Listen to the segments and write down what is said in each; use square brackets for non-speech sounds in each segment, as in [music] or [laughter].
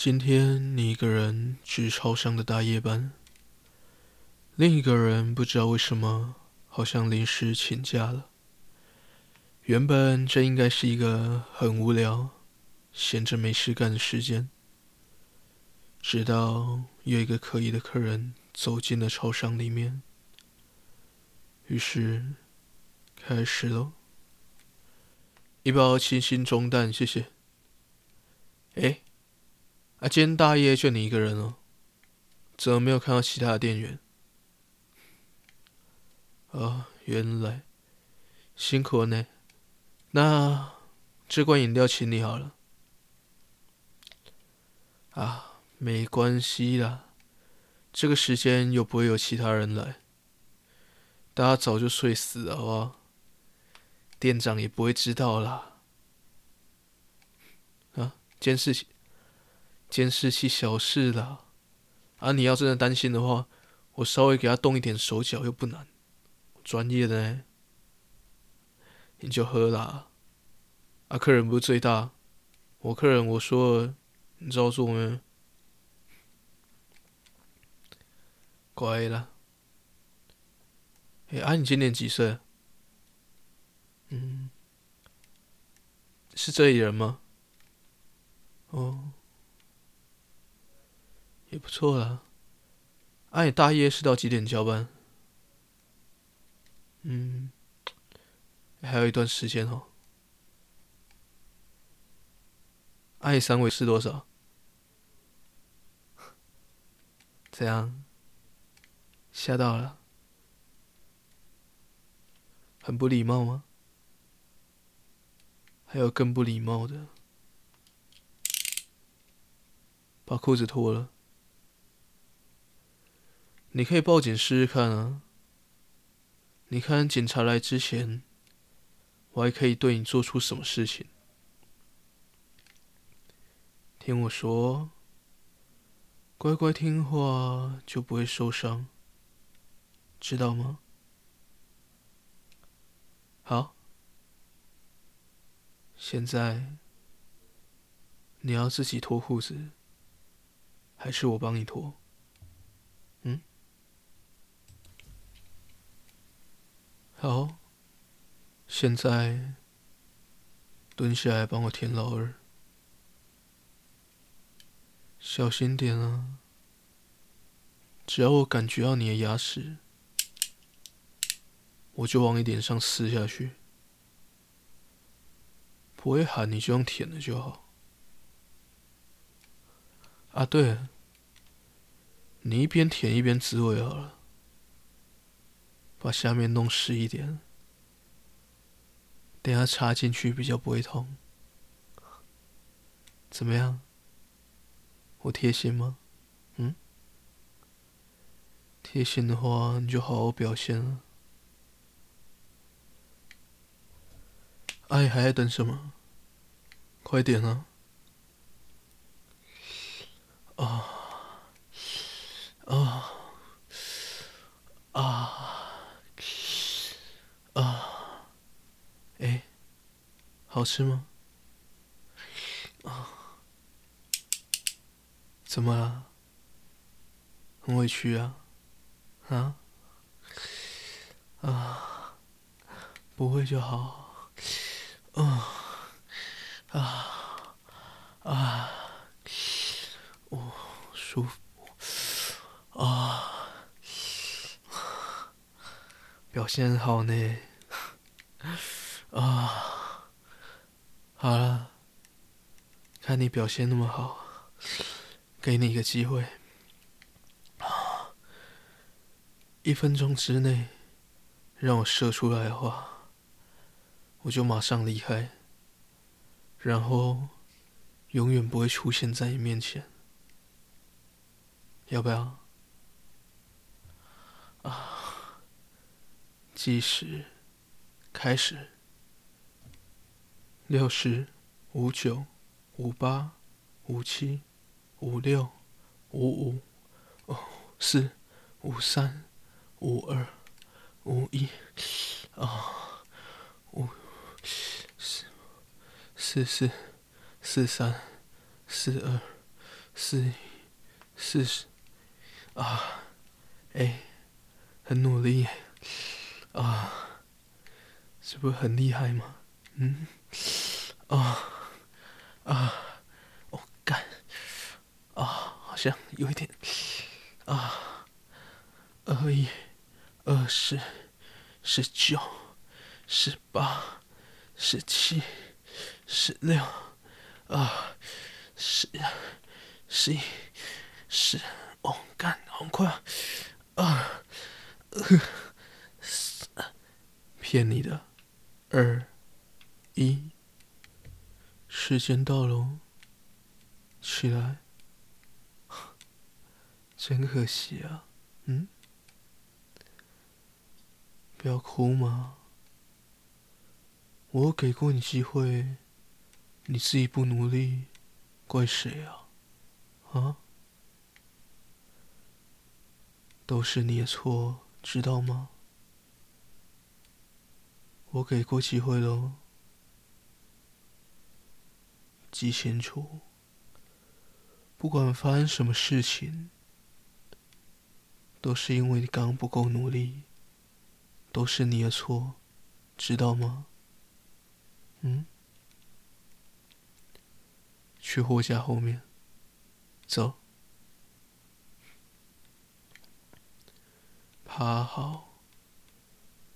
今天你一個人值超商的大夜班，另一個人不知道為什麼好像臨時請假了。原本這應該是一個很無聊、閒着沒事幹的時間，直到有一個可疑的客人走進了超商裡面，於是開始嘍。一包七星中彈，謝謝。誒。啊，今天大夜就你一個人哦，怎麼沒有看到其他的店員？啊、哦，原來辛苦了呢，那這罐飲料請你好了。啊，沒關係啦，這個時間又不會有其他人來，大家早就睡死了吧？店長也不會知道啦，啊。啊，監視器。監視器小事啦，啊！你要真的擔心的話，我稍微給他動一點手腳又不難，專業的呢。你就喝啦，啊！客人不是最大，我客人我說你照做沒？乖啦。哎、欸，啊！你今年幾歲？嗯，是這裡人嗎？哦。也不錯啦。阿姨大夜是到幾點交班？嗯，還有一段時間哦。阿姨三圍是多少？怎樣？嚇到了？很不禮貌嗎？還有更不禮貌的，把褲子脫了。你可以報警試試看啊！你看警察來之前，我還可以對你做出什麼事情？聽我說，乖乖聽話就不會受傷，知道嗎？好，現在你要自己脫褲子，還是我幫你脫？好，現在蹲下來幫我舔老二，小心點啊！只要我感覺到你的牙齒，我就往你臉上撕下去。不會含你就用舔的就好。啊對，你一邊舔一邊自慰好了。把下面弄濕一點，等下插進去比較不會痛。怎麼樣？我貼心嗎？嗯？貼心的話，你就好好表現了。哎，還在等什麼？快點啊！啊、哦！好吃嗎？嗯、怎麼了？很委屈啊？啊？啊？不會就好。啊、嗯！啊！啊！我、哦、舒服啊！表現好捏。啊！好了，看你表現那麼好，給你一個機會，啊，一分鐘之內，讓我射出來的話，我就馬上離開，然後永遠不會出現在你面前。要不要？啊，計時開始。六十五九五八五七五六五五哦四五三五二五一、啊、哦、五四四四四三四二四一四十、啊哎、欸、很努力、欸、啊這不是很厲害嗎？嗯。啊、哦、啊，我幹啊！好像有一點啊。二、哦、一、二十、哦、十九、哦、十八、十七、十六啊！十十一十，我幹，很快啊！騙、哦、你的，二一。時間到了，起來，真可惜啊，嗯，不要哭嘛，我給過你機會，你自己不努力，怪誰啊？啊，都是你的錯，知道嗎？我給過機會嘍。記清楚。不管發生什麼事情，都是因為你剛剛不夠努力，都是你的錯，知道嗎？嗯，去貨架後面，走，趴好，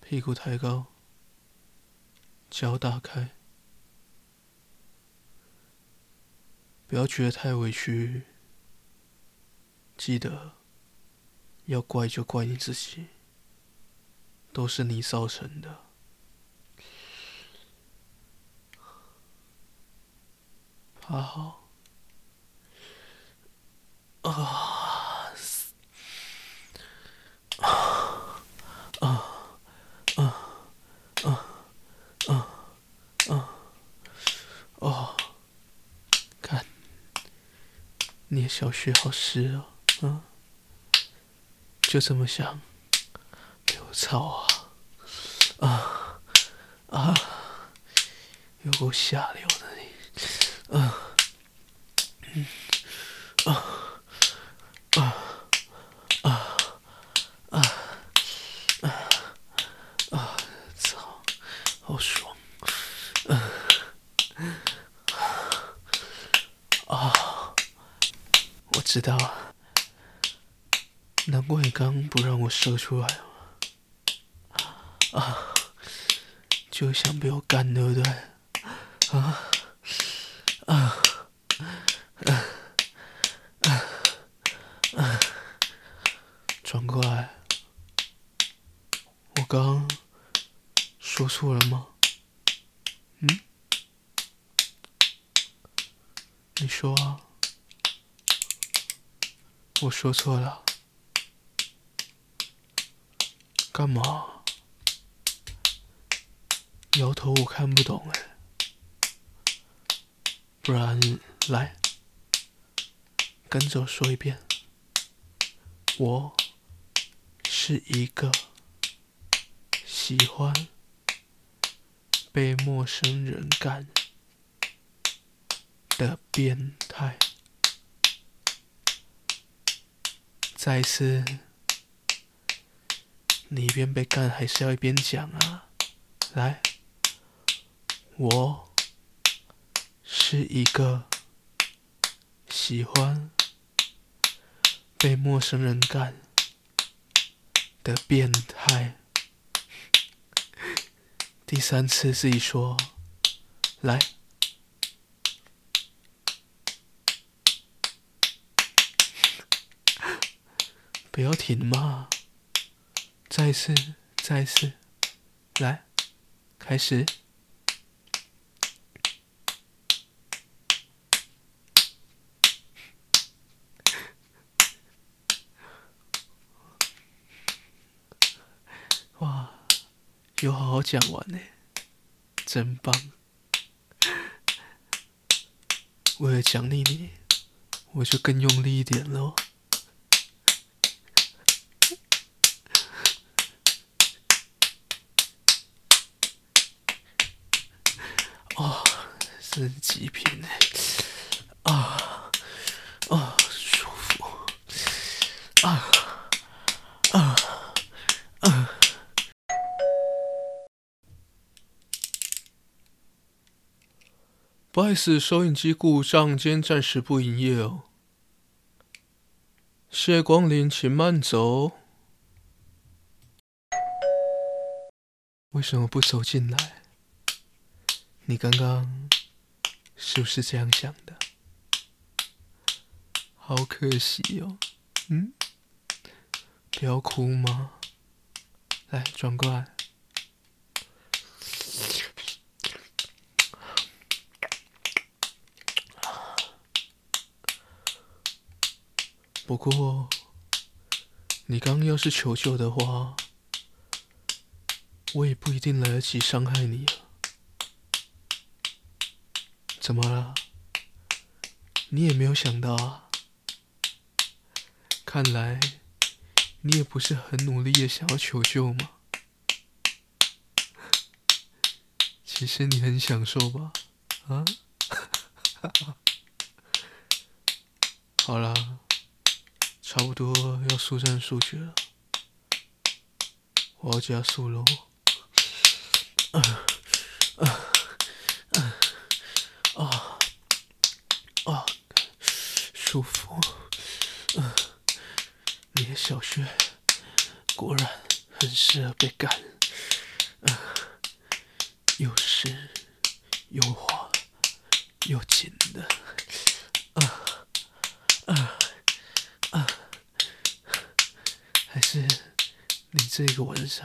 屁股抬高，腳打開。不要覺得太委屈，記得，要怪就怪你自己，都是你造成的。還好，好，啊，啊，啊。你的小穴好濕哦，啊、嗯，就這麼想，我操啊，啊啊，有夠下流的。知道啊，難怪你剛不讓我射出來，啊，就想被我幹對不對？啊，啊，啊，啊，轉、啊、過來，我剛說錯了嗎？嗯？你說、啊。我說錯了，幹嘛？搖頭我看不懂誒，不然來跟着我說一遍。我是一個喜歡被陌生人幹的變態。再一次，你一邊被幹還是要一邊講啊？來，我是一個喜歡被陌生人幹的變態。第三次自己說，來。不要停嘛！再次，再次，來，開始！哇，有好好講完呢，真棒！為了獎勵你，我就更用力一點嘍。真極品嘞、哎！啊啊，舒服！啊啊啊！不好意思，收銀機故障，間暫時不營業哦。謝光臨，請慢走。為什麼不走進來？你剛剛？是不是這樣想的？好可惜哦，嗯，不要哭嘛。來，轉過來。不過，你剛剛要是求救的話，我也不一定來得及傷害你啊。怎麼了？你也沒有想到啊？看來你也不是很努力的想要求救嗎？其實你很享受吧？啊？ [laughs] 好啦，差不多要速戰速決了，我要加速嘍！啊舒服、啊，你的小穴果然很適合被幹，又濕又滑又緊的，啊啊啊！還是你這個晚上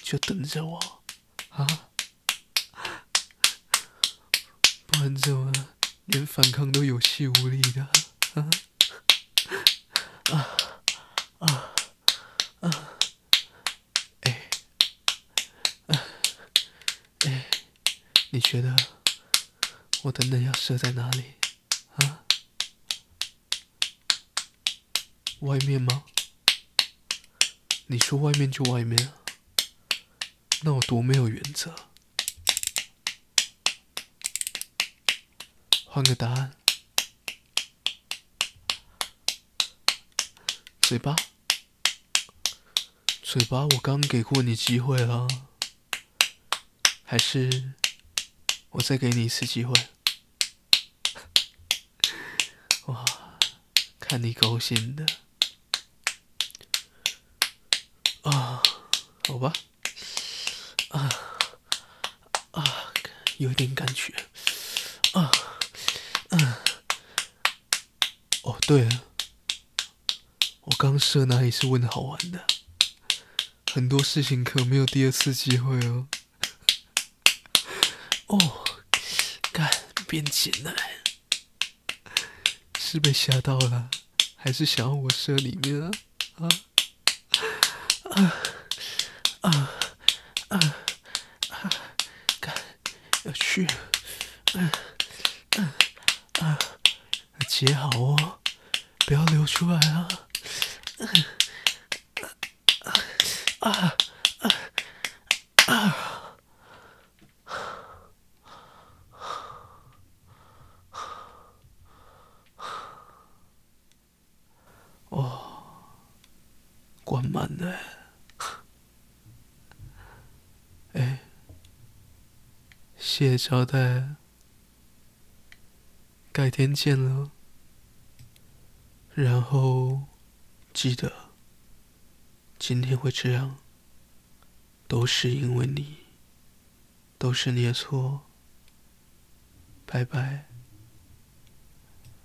就等着我啊？不然怎麼，連反抗都有氣無力的。啊 [laughs] 啊啊！哎、啊、哎、啊欸啊欸，你覺得我等等要射在哪裡啊？外面嗎？你說外面就外面、啊，那我多沒有原則。換個答案。嘴巴，嘴巴，我剛給過你機會了，還是我再給你一次機會？哇，看你高興的啊，好吧，啊啊，有點感覺啊，嗯，哦，對了。我剛射哪裡是問好玩的？很多事情可沒有第二次機會哦。哦，幹，變緊了，是被嚇到了，還是想要我射裡面啊？啊啊啊啊，啊！幹，要去嗯嗯啊，接、啊啊、好哦，不要流出來啊。哦、 [laughs] 呃啊啊啊喔，關門了。哎、欸，謝謝招待，改天見了。然後。記得，今天會這樣，都是因為你，都是你的錯。拜拜。